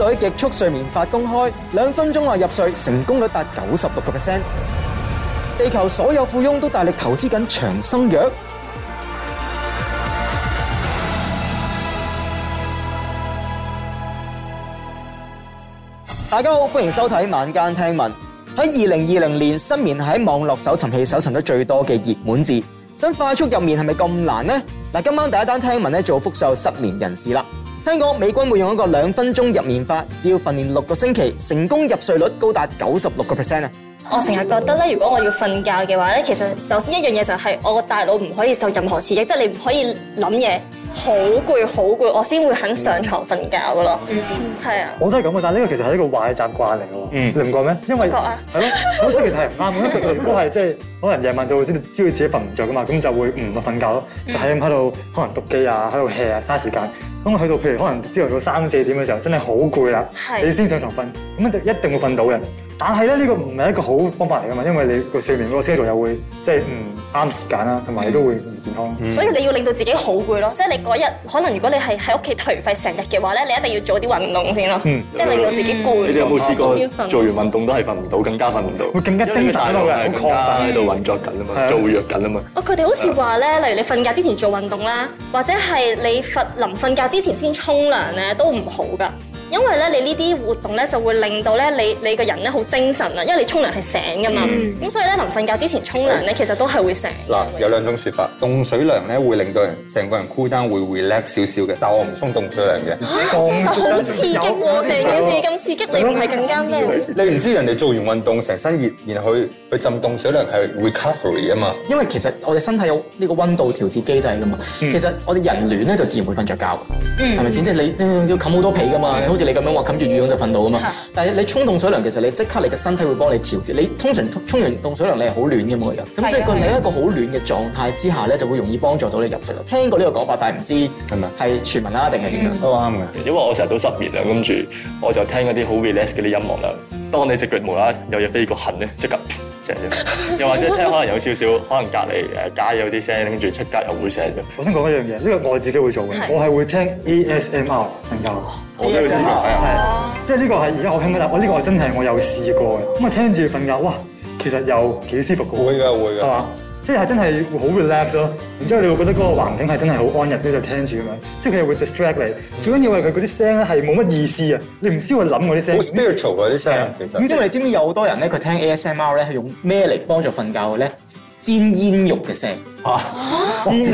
隊極速睡眠法公開，兩分鐘內入睡成功率達九十六個 percent。地球所有富翁都大力投資緊長生藥。 大家好，歡迎收睇晚間聽聞。喺二零二零年，失眠係喺網絡搜尋器搜尋得最多嘅熱門字。想快速入眠係咪咁難呢？嗱，今晚第一單聽聞咧，做複數失眠人士啦。聽講美軍會用一個兩分鐘入眠法，只要訓練六個星期，成功入睡率高達九十六個 percent 啊！我成日覺得咧，如果我要瞓覺嘅話咧，其實首先一樣嘢就係、是、我個大腦唔可以受任何刺激，即、就、係、是、你唔可以諗嘢。好攰好攰，我先會肯上床瞓覺噶咯，係、嗯、啊。我都係咁嘅，但係呢個其實係一個壞習慣嚟嘅喎。嗯，你唔覺咩？因為覺啊嗎。係咯，咁所其實係唔啱嘅。因都係即係，可能夜晚就會知知道自己瞓唔着噶嘛，咁就會唔瞓覺咯，就喺咁喺度可能讀機啊，喺度 hea 啊，嘥時間。咁去到，譬如可能朝頭早三四點嘅時候，真係好攰啦，是的 你先上床瞓，咁一定會瞓到嘅。但係咧，呢個唔係一個好方法嚟噶嘛，因為你個睡眠嗰個深度又會即係唔。就是嗯啱時間啦，同埋你都會唔健康。所以你要令到自己好攰咯，嗯、即係你嗰日可能如果你係喺屋企頹廢成日嘅話咧，你一定要做啲運動先咯，嗯、即係令到自己攰、嗯。你有冇試過做完運動都係瞓唔到？更加瞓唔到。會更加精神啊！好狂，更加喺度運作緊啊嘛，做弱緊啊嘛。哦對，佢哋好似話咧，例如你瞓覺之前做運動啦，或者係你瞓臨瞓覺之前先沖涼咧，都唔好㗎。因為咧，你呢啲活動咧就會令到咧你你個人咧好精神啊，因為你沖涼係醒㗎嘛。咁所以咧，臨瞓覺之前沖涼咧，其實都係會醒。嗱，有兩種説法，凍水涼咧會令到人成個人 cool down 會 relax 少少嘅。但係我唔沖凍水涼嘅，凍水係好刺激，成件事咁刺激，你唔係更加咩？你唔知人哋做完運動成身熱，然後去去浸凍水涼係 recovery 啊嘛。因為其實我哋身體有呢個温度調節機制㗎嘛。其實我哋人暖咧就自然會瞓着覺，係咪先？即係你要冚好多被㗎嘛。你咁樣話冚住羽絨就瞓到啊嘛，但係你沖凍水涼其實，你即刻你嘅身體會幫你調節，你通常沖完凍水涼你係好暖嘅冇人，咁即係佢喺一個好暖嘅狀態之下咧，就會容易幫助到你入睡咯。聽過呢個講法，但係唔知係咪係傳聞啦定係點樣都啱嘅。嗯、因為我成日都失眠啊，跟住我就聽嗰啲好 relax 嘅啲音樂啦。當你隻腳無啦有嘢飛個痕咧，即刻。又或者聽可能有少少，可能隔離誒街有啲聲，跟住出街又會成咗。我先講一樣嘢，呢個我自己會做嘅，的我係會聽 ASMR 瞓覺的，我都試過，係啊，即係呢個係而家我聽緊啦，我呢個真係我有試過，咁啊聽住瞓覺，哇，其實又幾舒服嘅喎，會嘅會嘅。即係真係會好 relax 咯，然之後你會覺得嗰個環境係真係好安逸，咧就是、聽住咁樣，即係佢又會 distract 你。最緊要係佢嗰啲聲咧係冇乜意思啊！你唔需要去諗嗰啲聲。好 spiritual 嗰啲聲，對其實。咁你知唔知有好多人咧佢聽 ASMR 咧係用咩嚟幫助瞓覺嘅咧？煎煙肉嘅聲。啊。 煎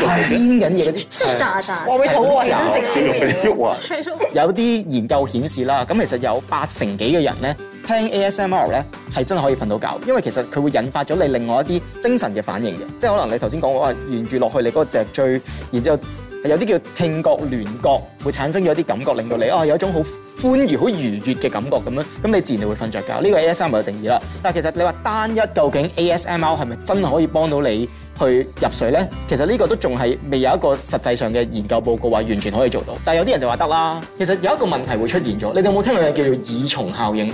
緊嘢嗰啲。 炸彈我會好食係真食屎嘅。有啲研究顯示啦，咁其實有八成幾嘅人咧。聽 ASMR 咧係真係可以瞓到覺，因為其實佢會引發咗你另外一啲精神嘅反應嘅，即係可能你頭先講話沿住落去你嗰隻脊椎，然之後有啲叫聽覺聯覺，會產生咗啲感覺，令到你哦有一種好歡愉、好愉悅嘅感覺咁樣，咁你自然就會瞓着覺。呢、這個 ASMR 定義啦，但係其實你話單一究竟 ASMR 係咪真係可以幫到你去入睡咧？其實呢個都仲係未有一個實際上嘅研究報告話完全可以做到，但係有啲人就話得啦。其實有一個問題會出現咗，你哋有冇聽過嘢叫做耳蟲效應？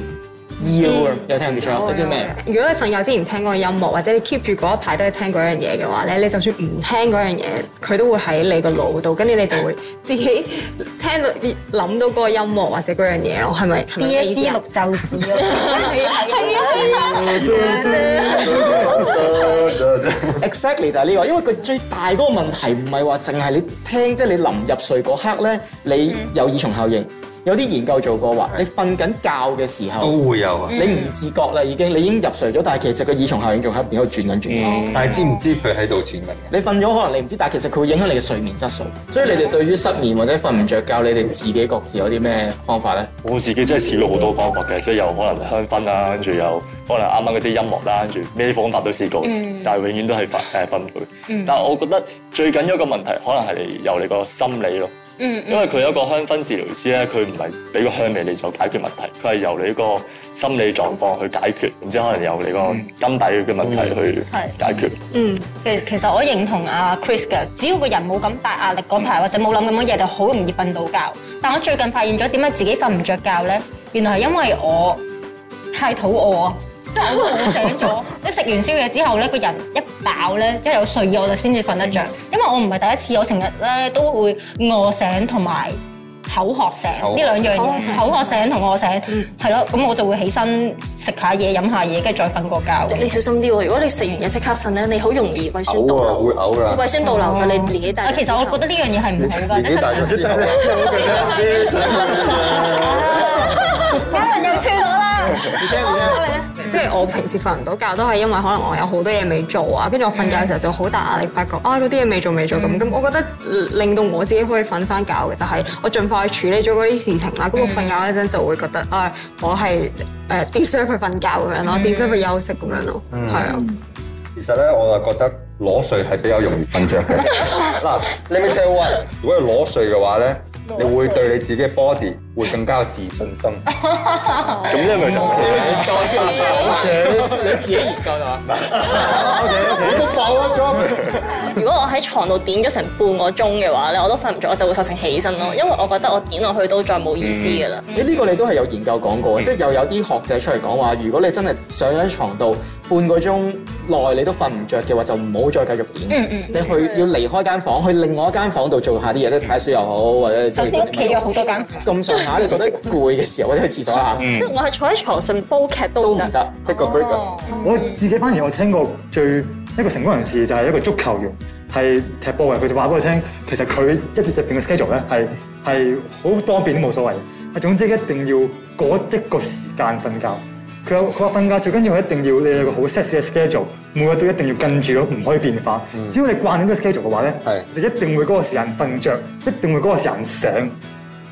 要，worm 有聽唔聽錯？或者咩？如果你瞓覺之前聽嗰個音樂，或者你 keep 住嗰一排都係聽嗰樣嘢嘅話咧，你就算唔聽嗰樣嘢，佢都會喺你個腦度，跟住你就會自己聽到諗到嗰個音樂或者嗰樣嘢咯，係咪？d A C 六奏指咯，係啊，係啊，exactly 就係呢個，因為佢最大嗰個問題唔係話淨係你聽，即係你臨入睡嗰刻咧，你有耳蟲效應。有啲研究做過話，你瞓緊覺嘅時候都會有，你唔自覺啦已經，你已經入睡咗，但係其實個耳蟲效應仲喺邊度轉緊轉緊。嗯、但係知唔知佢喺度轉緊嘅？你瞓咗可能你唔知，但係其實佢會影響你嘅睡眠質素。所以你哋對於失眠或者瞓唔着覺，你哋自己各自有啲咩方法咧？我自己真係試過好多方法嘅，即係有可能香薰啦，跟住有可能啱啱嗰啲音樂啦，跟住咩方法都試過，嗯、但係永遠都係分瞓唔著、嗯、但係我覺得最緊要個問題可能係由你個心理咯。嗯，嗯因為佢有一個香薰治療師咧，佢唔係俾個香味你就解決問題，佢係由你個心理狀況去解決，然之後可能由你個根底嘅問題去解決。嗯，其、嗯嗯、其實我認同阿 Chris 嘅，只要個人冇咁大壓力嗰排，或者冇諗咁多嘢，就好容易瞓到覺。但我最近發現咗點解自己瞓唔着覺咧？原來係因為我太肚餓啊！即係我餓醒咗，你食完宵夜之後咧，個人一飽咧，即係有睡意我就先至瞓得着。因為我唔係第一次，我成日咧都會餓醒同埋口渴醒呢兩樣嘢。口渴醒同餓醒，係咯，咁我就會起身食下嘢、飲下嘢，跟住再瞓個覺。你小心啲喎，如果你食完嘢即刻瞓咧，你好容易胃酸倒流。會嘔㗎。胃酸倒流㗎，你你自己帶。其實我覺得呢樣嘢係唔好㗎。一自己帶咗哋啦！即係我平時瞓唔到覺都係因為可能我有好多嘢未做啊，跟住我瞓覺嘅時候就好大壓力，發覺啊嗰啲嘢未做未做咁，咁、嗯、我覺得令到我自己可以瞓翻覺嘅就係、是、我盡快處理咗嗰啲事情啦。咁、嗯、我瞓覺嗰陣就會覺得啊、哎，我係誒 deserve 去瞓覺咁樣咯，deserve 去休息咁樣咯。嗯，係啊的。其實咧，我就覺得裸睡係比較容易瞓着。嗱 你咪聽喂如果裸睡嘅話咧，碎你會對你自己嘅 body。會更加有自信心，咁 樣咪你自己研究咗 如果我喺床度點咗成半個鐘嘅話咧，我都瞓唔着，我就會索性起身咯，因為我覺得我點落去都再冇意思嘅啦。誒呢、嗯欸呢個你都係有研究講過嘅，嗯、即係又有啲學者出嚟講，話如果你真係上咗床度半個鐘內你都瞓唔着嘅話，就唔好再繼續點。嗯嗯，你去，嗯、要離開間房去另外一間房度做下啲嘢，即係睇書又好，或者你首先屋企 有好多間房咁 你覺得攰嘅時候，嗯、或者去廁所啦。嗯，我係坐喺床上煲劇都唔得。一個、oh. 我自己反而我聽過最一個成功人士就係一個足球員，係踢波嘅。佢就話俾我聽，其實佢一日入邊嘅 schedule 咧，係係好多變都冇所謂。啊，總之一定要嗰一個時間瞓覺。佢有佢話瞓覺最緊要，一定要你有個好 set 嘅 schedule，每日都一定要跟住咯，唔可以變化。嗯、只要你慣咗呢個 schedule 嘅話咧，係是就一定會嗰個時間瞓着，一定會嗰個時間醒。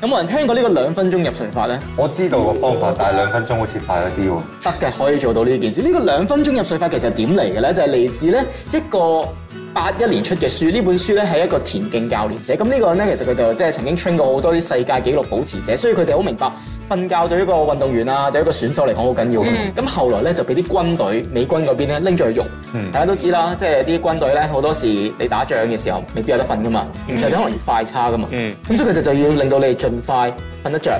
有冇人聽過呢個兩分鐘入睡法呢？我知道個方法，但係兩分鐘好似快咗啲喎。得嘅，可以做到呢件事。呢個兩分鐘入睡法其實點嚟嘅呢？就係嚟自呢一個。八一年出嘅書，呢本書咧係一個田徑教練寫，咁、這、呢個咧其實佢就即係曾經 train 過好多啲世界紀錄保持者，所以佢哋好明白瞓覺對於一個運動員啊，對於一個選手嚟講好緊要嘅。咁、嗯、後來咧就俾啲軍隊美軍嗰邊咧拎咗去用，嗯、大家都知啦，即係啲軍隊咧好多時你打仗嘅時候未必有得瞓噶嘛，又或者可能要快叉噶嘛，咁、嗯、所以佢就就要令到你盡快瞓得着，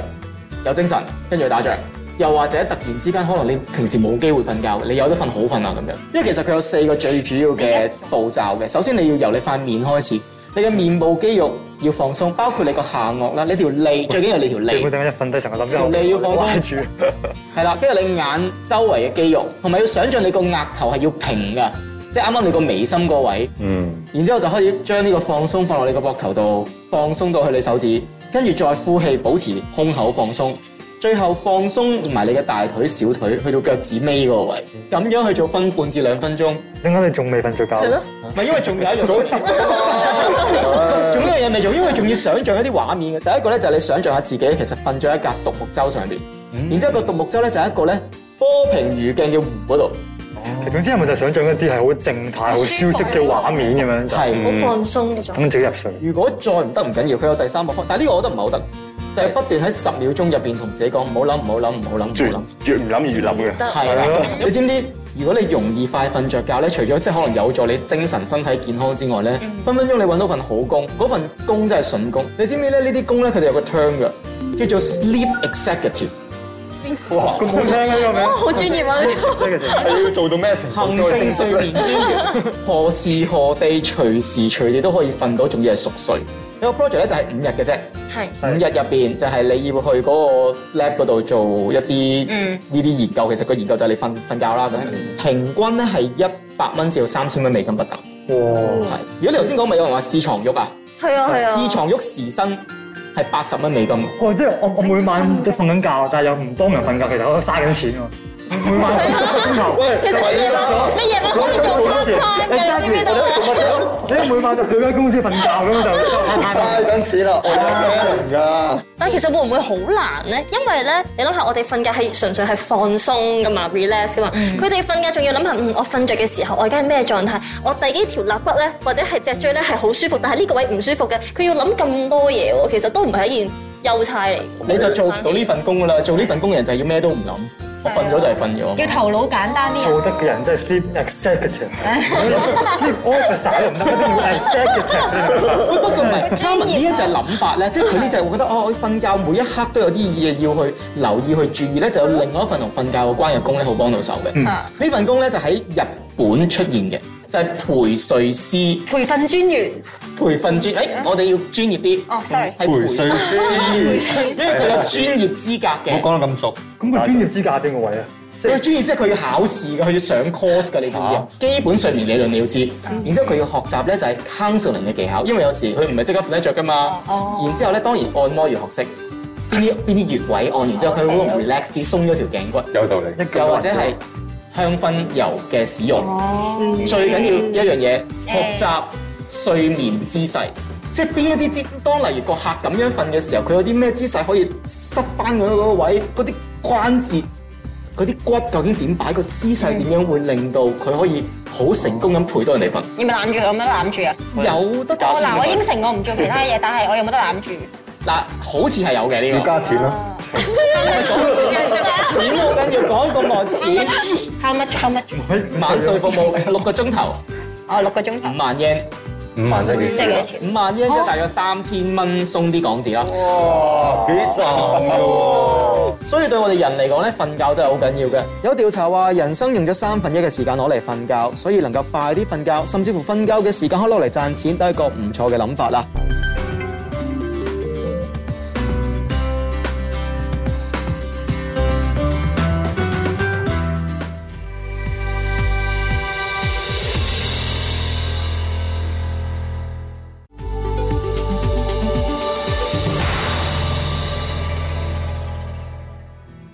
有精神，跟住去打仗。又或者突然之間，可能你平時冇機會瞓覺，你有得瞓好瞓啊咁樣。因為其實佢有四個最主要嘅步驟嘅。首先你要由你塊面開始，你嘅面部肌肉要放鬆，包括你個下顎啦，你條脷最緊要你條脷。我今晚一瞓低成日諗住，條脷要放鬆。係啦， 跟住你眼周圍嘅肌肉，同埋要想像你個額頭係要平㗎，即係啱啱你個眉心個位。嗯。然之後就可以將呢個放鬆放落你個膊頭度，放鬆到去你手指，跟住再呼氣，保持胸口放鬆。最後放鬆埋你嘅大腿、小腿，去到腳趾尾嗰個位，咁樣去做分半至兩分鐘。點解你仲未瞓著覺？係、啊、 因為仲有一組，仲有一樣未做，因為仲要想像一啲畫面嘅。第一個咧就係、是、你想像下自己其實瞓咗一架獨木舟上邊，嗯、然之後個獨木舟咧就是、一個咧波平如鏡嘅湖嗰度。啊、其總之係咪就想像一啲係好靜態、好消息嘅畫面咁樣就？係好放鬆嘅狀態。咁點、嗯的嗯、自己入睡？如果再唔得唔緊要，佢有第三個方，但係呢個我覺得唔係好得。就係不斷喺十秒鐘入面同自己講唔好諗唔好諗唔好諗唔好諗，越唔諗越諗嘅。係啦，你知唔知？如果你容易快瞓着覺咧，除咗即可能有助你精神身體健康之外咧，嗯、分分鐘你揾到份好工，嗰份工真係筍工。你知唔知咧？呢啲工咧佢哋有個 term 㗎，叫做 Sleep Executive。哇，咁好聽啊呢個名！好專業啊，呢係要做到咩程度？行精四年專，何時何地，隨時隨地都可以瞓到，仲要係熟睡。有個 project 咧就係五日嘅啫，係五日入邊就係你要去嗰個 lab 嗰度做一啲呢啲研究。其實個研究就係你瞓瞓覺啦。咁平均咧係一百蚊至到三千蚊美金不等。哇！係，如果你頭先講咪有人話試床喐啊，係啊，試床喐時薪。係八十蚊美金。我、哦、即係我，我每晚都瞓緊覺，嗯、但係又唔多人瞓覺，嗯、其實我都嘥緊錢。每晚幾個鐘頭？喂，其實你夜晚要做咩嘅？你每晚就佢喺公司瞓覺咁就太緊似啦，我唔得。但其實會唔會好難咧？因為咧，你諗下，我哋瞓覺係純粹係放鬆噶嘛，relax 噶嘛。佢哋瞓覺仲要諗下，嗯，我瞓著嘅時候，我而家係咩狀態？我第幾條肋骨咧，或者係脊椎咧，係好舒服，但係呢個位唔舒服嘅，佢要諗咁多嘢喎。其實都唔係一件優差嚟。你就做唔到呢份工噶啦，做呢份工嘅人就係要咩都唔諗。我瞓咗就係瞓咗，叫頭腦簡單啲。做得嘅人真係 sleep executive，sleep oversight 唔得，executive。不過唔係，阿文呢一隻諗法咧， 即係佢呢隻會覺得哦，我瞓覺每一刻都有啲嘢要去留意、去注意咧，就有另外一份同瞓覺嘅關嘅工咧，好幫到手嘅。呢、嗯、份工咧就喺日本出現嘅。就係培訓師、培訓專員、培訓專，誒，我哋要專業啲。哦係培訓師，因為佢有專業資格嘅。唔好講得咁俗，咁佢專業資格喺邊個位啊？即係專業，即係佢要考試嘅，佢要上 course 嘅，你知唔知基本睡眠理論你要知，然之後佢要學習咧就係 counseling 嘅技巧，因為有時佢唔係即刻瞓得著㗎嘛。哦。然之後咧，當然按摩要學識邊啲邊啲穴位，按完之後佢會 relax 啲，鬆咗條頸骨。有道理。又或者係。香薰油嘅使用，哇最緊要一樣嘢，欸、學習睡眠姿勢，即係邊一啲姿，當例如個客咁樣瞓嘅時候，佢有啲咩姿勢可以塞翻佢嗰個位，嗰啲關節，嗰啲骨究竟點擺，個姿勢點樣會令到佢可以好成功咁陪到人哋瞓。嗯。你咪攬住佢有冇得攬住啊？的有得攬。嗱，我應承我唔做其他嘢，但係我有冇得攬住。嗱，好似係有嘅呢個。要加錢啦。 要講咁多錢？喊乜？喊乜？萬歲服務麼六個鐘頭啊，六個鐘頭五萬英，五萬即係幾？五萬英即係大約三千蚊，鬆啲港紙啦。哇，幾賺哇所以對我哋人嚟講咧，瞓覺真係好緊要嘅。有調查話，人生用咗三分一嘅時間攞嚟瞓覺，所以能夠快啲瞓覺，甚至乎瞓覺嘅時間可以攞嚟賺錢，都係一個唔錯嘅諗法啦。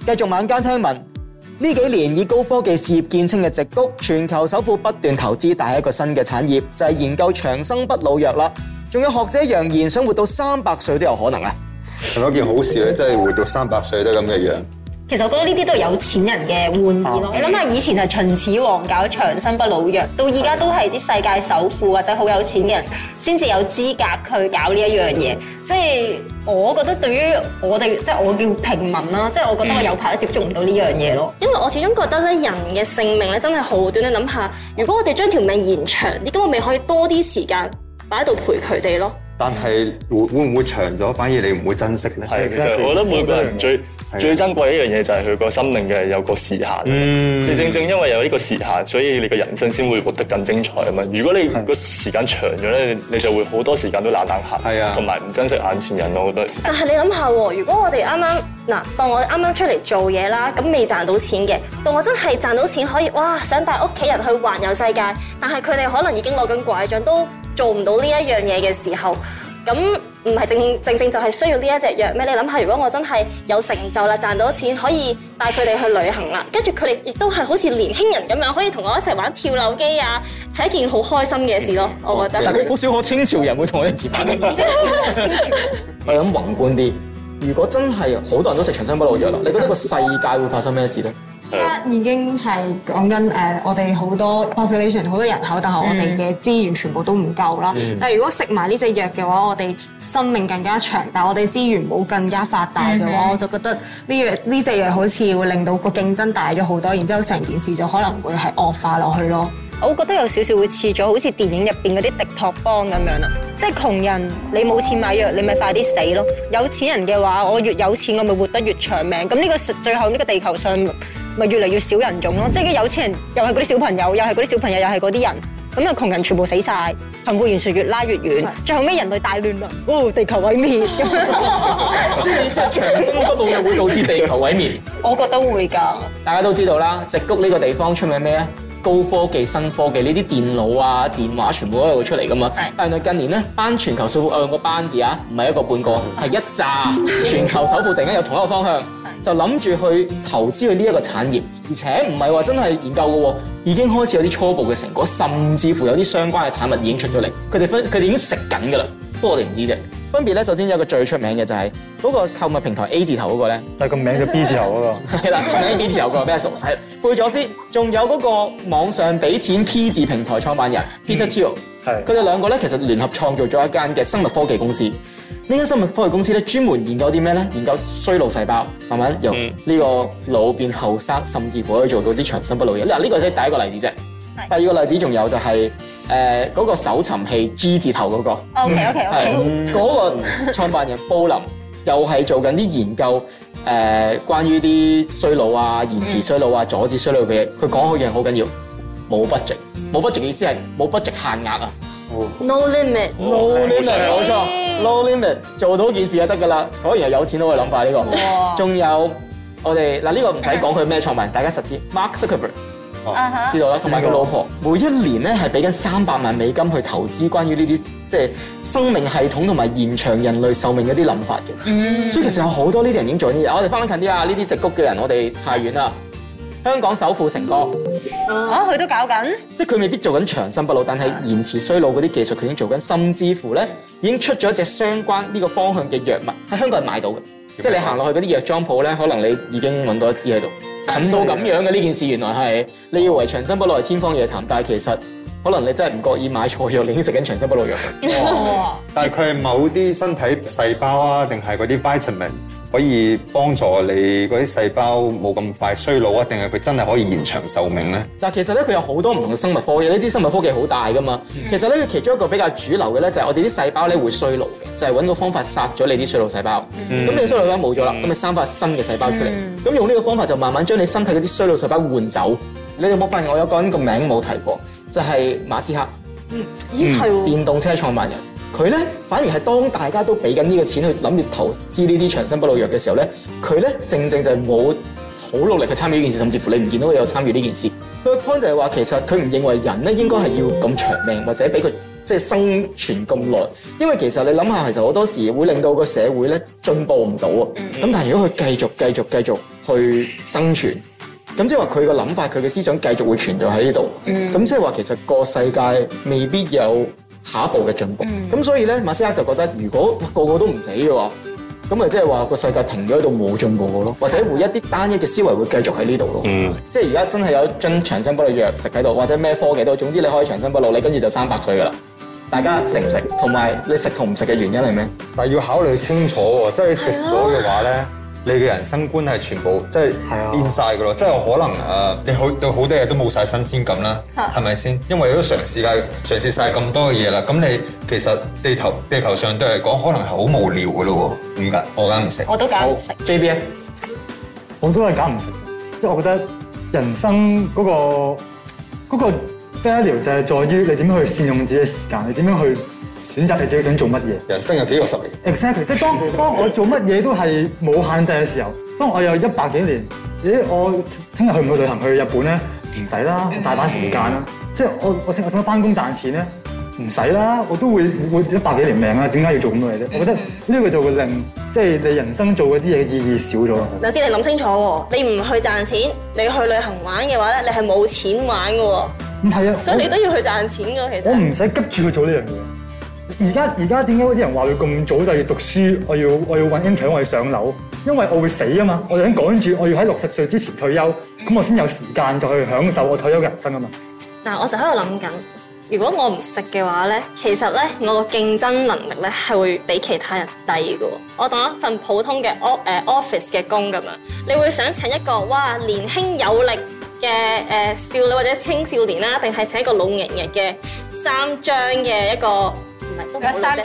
繼續晚間聽聞，呢幾年以高科技事業見稱嘅直谷全球首富不斷投資，帶一個新嘅產業，就係、是、研究長生不老藥啦。仲有學者揚言，想活到三百歲都有可能啊！係一件好事真係、就是、活到三百歲都咁嘅樣,樣。其實我覺得呢啲都係有錢人嘅玩意咯。 你諗下以前係秦始皇搞長生不老藥，到而家都係啲世界首富或者好有錢嘅人先至有資格去搞呢一樣嘢。即係我覺得對於我哋，即係我叫平民啦， 即係我覺得我有排都接觸唔到呢樣嘢咯。因為我始終覺得咧，人嘅性命咧真係好短。你諗下，如果我哋將條命延長啲，咁我咪可以多啲時間擺喺度陪佢哋咯。但係會會唔會長咗，反而你唔會珍惜咧？係啊，其實我覺得每個人最的最珍貴一樣嘢就係佢個生命嘅有個時限。嗯，正正因為有呢個時限，所以你個人生先會活得更精彩啊嘛。如果你個時間長咗咧，的你就會好多時間都懶懶下，同埋唔珍惜眼前人。我覺得。但係你諗下喎，如果我哋啱啱。嗱，當我啱啱出嚟做嘢啦，咁未賺到錢嘅；當我真係賺到錢可以，哇！想帶屋企人去環遊世界，但係佢哋可能已經攞緊枴杖，都做唔到呢一樣嘢嘅時候，咁唔係正正，正正就係需要呢一隻藥咩？你諗下，如果我真係有成就啦，賺到錢可以帶佢哋去旅行啦，跟住佢哋亦都係好似年輕人咁樣，可以同我一齊玩跳樓機啊，係一件好開心嘅事咯。嗯，我覺得。好少可清朝人會同我哋自拍。我諗宏觀啲。如果真係好多人都食長生不老藥啦，你覺得個世界會發生咩事呢？咧？已經係講緊誒，uh, 我哋好多 population 好多人口，但係我哋嘅資源全部都唔夠啦。嗯、但係如果食埋呢隻藥嘅話，我哋生命更加長，但係我哋資源冇更加發大嘅話，嗯嗯、我就覺得呢藥呢隻、這個、藥好似會令到個競爭大咗好多，然之後成件事就可能會係惡化落去咯。我覺得有少少會似咗，好似電影入邊嗰啲迪托邦咁樣啊。即係窮人，你冇錢買藥，你咪快啲死咯。有錢人嘅話，我越有錢，我咪活得越長命。咁呢個最後呢個地球上，咪越嚟越少人種咯。即係有錢人，又係嗰啲小朋友，又係嗰啲小朋友，又係嗰啲人。咁啊，窮人全部死晒，貧富完全越拉越遠，的最後尾人類大亂啦。哦，地球毀滅。即係 長生不老又會導致地球毀滅。我覺得會㗎。大家都知道啦，直谷呢個地方出名咩咧？高科技、新科技呢啲電腦啊、電話全部都係佢出嚟噶嘛？是但係近年咧，班全球首富，哎，我用個班字啊，唔係一個半個，係一紮全球首富突然間有同一個方向，就諗住去投資去呢一個產業，而且唔係話真係研究嘅喎，已經開始有啲初步嘅成果，甚至乎有啲相關嘅產物已經出咗嚟，佢哋分佢哋已經食緊㗎啦。多定唔知啫，分別咧首先有個最出名嘅就係嗰個購物平台 A 字頭嗰個咧，係個名叫 B 字頭嗰個，係啦，名字 B 字頭、嗰個咩熟西，貝佐斯仲有嗰個網上俾錢 P 字平台創辦人、嗯、Peter Thiel 係佢哋兩個咧其實聯合創造咗一間嘅生物科技公司。呢間生物科技公司咧專門研究啲咩咧？研究衰老細胞，慢慢由呢、嗯、個老變後生，甚至乎可以做到啲長生不老嘢。嗱、啊、呢、這個先第一個例子啫，第二個例子仲有就係的。誒嗰個搜尋器 G 字頭嗰個，係嗰個創辦人布林，又係做緊啲研究，誒關於啲衰老啊、延遲衰老啊、阻止衰老嘅嘢。佢講好嘢，好緊要。冇 budget，冇 budget，意思係冇 budget 限額啊。No limit，no limit，冇錯，no limit，做到件事就得㗎啦。果然係有錢佬嘅諗法呢個。哇！仲有我哋嗱呢個唔使講佢咩創辦，大家實知。Oh, uh huh. 知道啦，同埋個老婆每一年咧係俾緊三百萬美金去投資關於呢啲即係生命系統，同埋延長人類壽命嗰啲諗法嘅。Mm hmm. 所以其實有好多呢啲人已經做緊呢啲嘢。我哋翻返近啲啊，呢啲矽谷嘅人我哋太遠啦。香港首富成哥啊，佢都搞緊，huh. 即係佢未必做緊長生不老，但係延遲衰老嗰啲技術，佢已經做緊，甚至乎咧已經出咗一隻相關呢個方向嘅藥物，喺香港係買到嘅。即係你行落去嗰啲藥妝鋪咧，可能你已經揾到一支喺度。近到咁樣嘅呢 件事，原來係你以為長生不老係天方夜譚，但係其實。可能你真係唔覺意買錯藥，你已經食緊長生不老藥。哦、 但係佢係某啲身體細胞啊，定係嗰啲 Vitamin，可以幫助你嗰啲細胞冇咁快衰老啊？定係佢真係可以延長壽命咧？嗱，其實咧佢有好多唔同嘅生物科技。呢支生物科技好大噶嘛？其實咧，佢其中一個比較主流嘅咧，就係我哋啲細胞咧會衰老嘅，就係、是、揾個方法殺咗你啲衰老細胞。咁、嗯、你衰老細胞冇咗啦，咁你生翻新嘅細胞出嚟。咁、嗯、用呢個方法就慢慢將你身體嗰啲衰老細胞換走。你有冇發現我有個人個名冇提過？就係馬斯克，嗯，咦係喎、嗯，電動車創辦人，佢咧、嗯、反而係當大家都俾緊呢個錢去諗住投資呢啲長生不老藥嘅時候咧，佢咧正正就係冇好努力去參與呢件事，甚至乎你唔見到佢有參與呢件事。佢個 point、嗯、就係話其實佢唔認為人咧應該係要咁長命或者俾佢即係生存咁耐，因為其實你諗下，其實好多時會令到個社會咧進步唔到啊。咁、嗯、但係如果佢繼續繼續繼續去生存。咁即係話佢個諗法，佢嘅思想繼續會存在喺呢度。咁、嗯、即係話其實個世界未必有下一步嘅進步。咁、嗯、所以咧，馬斯克就覺得如果個個都唔死嘅話，咁咪即係話個世界停咗喺度冇進步咯，或者會一啲單一嘅思維會繼續喺呢度咯。嗯、即係而家真係有樽長生不老藥食喺度，或者咩科技都，總之你可以長生不老，你跟住就三百歲㗎喇。大家食唔食？同埋你食同唔食嘅原因係咩？但係要考慮清楚喎，即係食咗嘅話咧。的你嘅人生觀係全部即係變晒噶咯，即係可能誒，你好有好多嘢都冇晒新鮮感啦，係咪先？因為都嘗試曬、嘗試晒咁多嘅嘢啦，咁你其實地球地球上對嚟講，可能係好無聊噶咯喎，點解？我揀唔食。我都揀唔食。JBL，我都係揀唔食。即係我覺得人生嗰個嗰個 value 就係在於你點樣去善用自己嘅時間，你點樣去。選擇你自己想做乜嘢，人生有幾個十年？Exactly， 即係當當我做乜嘢都係冇限制嘅時候，當我有一百幾年，咦？我聽日去唔去旅行去日本咧？唔使啦，大把時間啦。即係我我聽日想翻工賺錢咧，唔使啦，我都會活一百幾年命啦，點解要做咁多嘢啫？我覺得呢個就會令即係、就是、你人生做嗰啲嘢意義少咗。嗱，先你諗清楚喎，你唔去賺錢，你去旅行玩嘅話咧，你係冇錢玩㗎喎。唔係啊，所以你都要去賺錢㗎，其實我。我唔使急住去做呢樣嘢。而家而家點解啲人話要咁早就要讀書？我要我要揾錢，我要上樓，因為我會死啊嘛！我想趕住，我要喺六十歲之前退休，咁我先有時間再去享受我退休嘅人生啊嘛！嗱，我就喺度諗緊，如果我唔食嘅話咧，其實咧我個競爭能力咧係會比其他人低嘅。我當一份普通嘅、呃、office 嘅工咁樣，你會想請一個哇年輕有力嘅誒、呃、少女或者青少年啦，定係請一個老年人嘅三張嘅一個？三十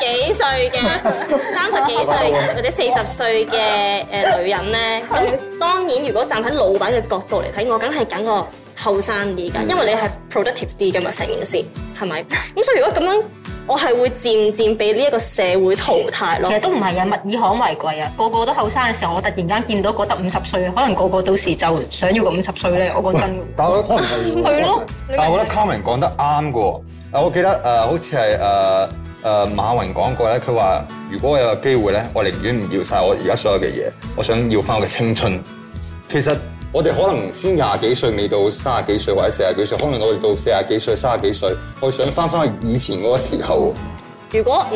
幾歲嘅， 三十幾歲或者四十歲嘅誒女人咧，咁 當然如果站喺老闆嘅角度嚟睇，我梗係揀個後生啲嘅，嗯、因為你係 productive 啲㗎嘛，成件事係咪？咁所以如果咁樣，我係會漸漸俾呢一個社會淘汰咯。其實都唔係啊，物以罕為貴啊，個個都後生嘅時候，我突然間見到覺得五十歲，可能個個到時就想要個五十歲咧。我講真，但係可能係，咯、啊。的但係我，了我覺得 Carman 講得啱嘅喎。我記得、呃、好似係誒誒馬雲講過，佢話：如果我有機會，我寧願唔要晒我而家所有嘅嘢，我想要返我嘅青春。其實我哋可能先廿幾歲，未到三十幾歲或者四十幾歲，可能我哋到四十幾歲、三十幾歲，我想返返以前嗰個時候。如果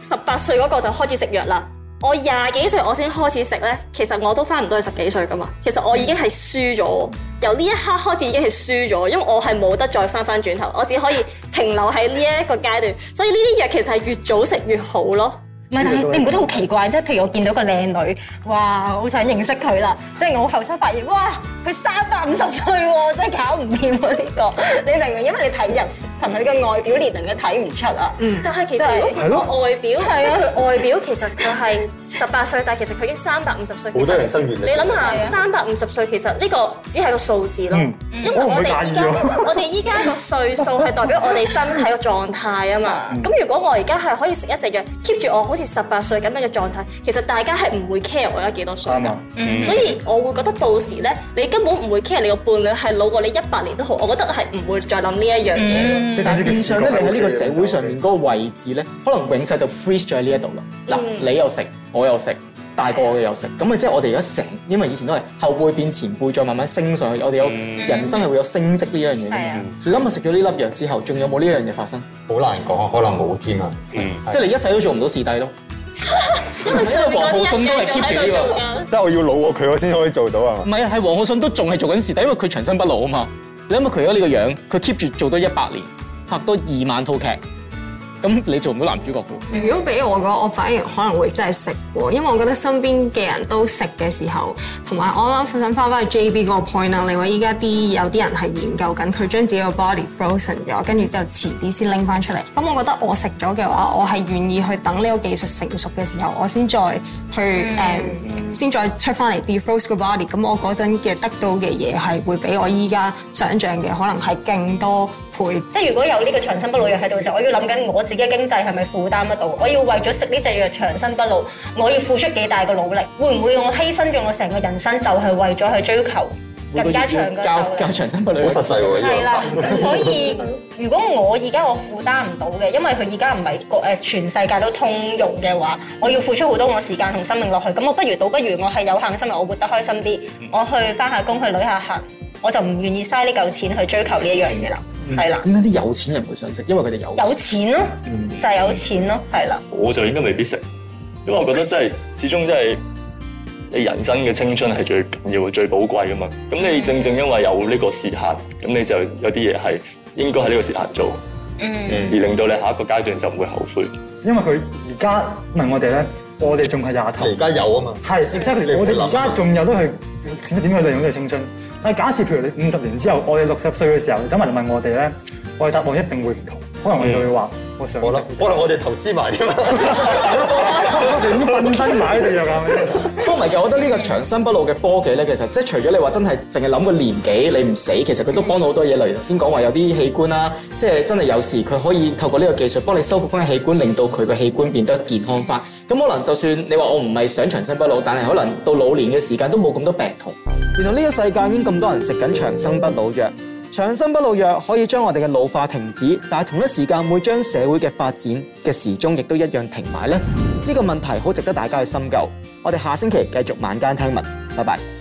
十八歲嗰個就開始食藥啦。我廿幾歲我先開始食呢，其實我都返唔到去十幾歲㗎嘛。其實我已經係輸咗，由呢一刻開始已經係輸咗，因為我係冇得再返返轉頭，我只可以停留喺呢一個階段。所以呢啲藥其實係越早食越好咯。唔係，但係你唔覺得好奇怪？即係譬如我見到個靚女，哇，好想認識佢啦。即係我後生發現，哇，佢三百五十歲喎，真係搞唔掂喎呢個。你明唔明？因為你睇入憑佢嘅外表，年齡，佢睇唔出啊。但係其實外表係啊，外表其實佢係十八歲，但係其實佢已經三百五十歲。好多你諗下，三百五十歲其實呢個只係個數字咯。嗯。因為我哋依家，我哋依家個歲數係代表我哋身體個狀態啊嘛。咁如果我而家係可以食一隻藥，keep 住我好似～十八歲咁樣嘅狀態，其實大家係唔會 care 我有幾多歲。吧嗯、所以，我會覺得到時咧，你根本唔會 care 你個伴侶係老過你一百年都好，我覺得係唔會再諗呢一樣嘢。嗯、但係，現象咧，你喺呢個社會上面嗰個位置咧、嗯，可能永世就 freeze 咗喺呢一度啦。嗱、嗯，你又食，我又食。大過我嘅又食，咁啊即係我哋而家成，因為以前都係後輩變前輩，再慢慢升上去。我哋有、嗯、人生係會有升職呢樣嘢嘅。你諗下食咗呢粒藥之後，仲有冇呢樣嘢發生？好難講啊，可能冇添啊。嗯、是即係你一世都做唔到視帝咯。 因為王 浩信都係 keep 住呢個，即係我要老過佢，我先可以做到啊。唔係啊，係王浩信都仲係做緊視帝，因為佢長生不老啊嘛。你諗下佢而家呢個樣，佢 keep 住做到一百年，拍多二萬套劇。咁你做唔到男主角。如果俾我嘅，我反而可能會真係食喎，因為我覺得身邊嘅人都食嘅時候，同埋我啱啱想翻返去 J B 嗰個 point 啊，另外依家啲有啲人係研究緊佢將自己個 body frozen 咗，跟住之後遲啲先拎翻出嚟。咁我覺得我食咗嘅話，我係願意去等呢個技術成熟嘅時候，我先再去誒。嗯嗯先再出翻嚟 e frozen body，咁我嗰陣嘅得到嘅嘢係會比我依家想象嘅可能係勁多倍。即係如果有呢個長生不老藥喺度嘅時候，我要諗緊我自己嘅經濟係咪負擔得到？我要為咗食呢隻藥長生不老，我要付出幾大嘅努力？會唔會我犧牲咗我成個人生就係為咗去追求？更加長嘅壽命，好實際喎。係啦， 咁所以如果我而家我負擔唔到嘅，因為佢而家唔係國誒全世界都通用嘅話，我要付出好多我時間同生命落去，咁我不如倒不如我係有限嘅生命，我活得開心啲，我去翻下工，去旅下行，我就唔願意嘥呢嚿錢去追求呢一樣嘢啦。係啦、嗯。咁啲了、嗯、有錢人會想食，因為佢哋有。有錢咯，就係有錢咯、啊，係啦、嗯。我就應該未必食，因為我覺得真係始終真、就、係、是。你人生嘅青春係最緊要、最寶貴㗎嘛？咁、嗯、你正正因為有呢個時限，咁你就有啲嘢係應該喺呢個時限做，嗯，而令到你下一個階段就唔會後悔。因為佢而家問我哋咧，我哋仲係廿頭，而家有啊嘛？係，exactly，對別我哋而家仲有都係點樣去利用呢個青春？但係假設譬如你五十年之後，我哋六十歲嘅時候，你走埋嚟問我哋咧，我哋答案一定會唔同。可能我哋會話：嗯、我想我可能我哋投資埋啲，我哋啲份身買啲藥啊。咁咪，我覺得呢個長生不老嘅科技呢，其實即係除咗你話真係淨係諗個年紀你唔死，其實佢都幫到好多嘢。例如頭先講話有啲器官啦，即係真係有時佢可以透過呢個技術幫你修復翻啲器官，令到佢個器官變得健康翻。咁可能就算你話我唔係想長生不老，但係可能到老年嘅時間都冇咁多病痛。原來呢個世界已經咁多人食緊長生不老藥。長生不老藥可以將我哋嘅老化停止，但同一時間會將社會嘅發展嘅時鐘亦都一樣停埋咧。呢、這個問題好值得大家去深究。我哋下星期繼續晚間聽聞，拜拜。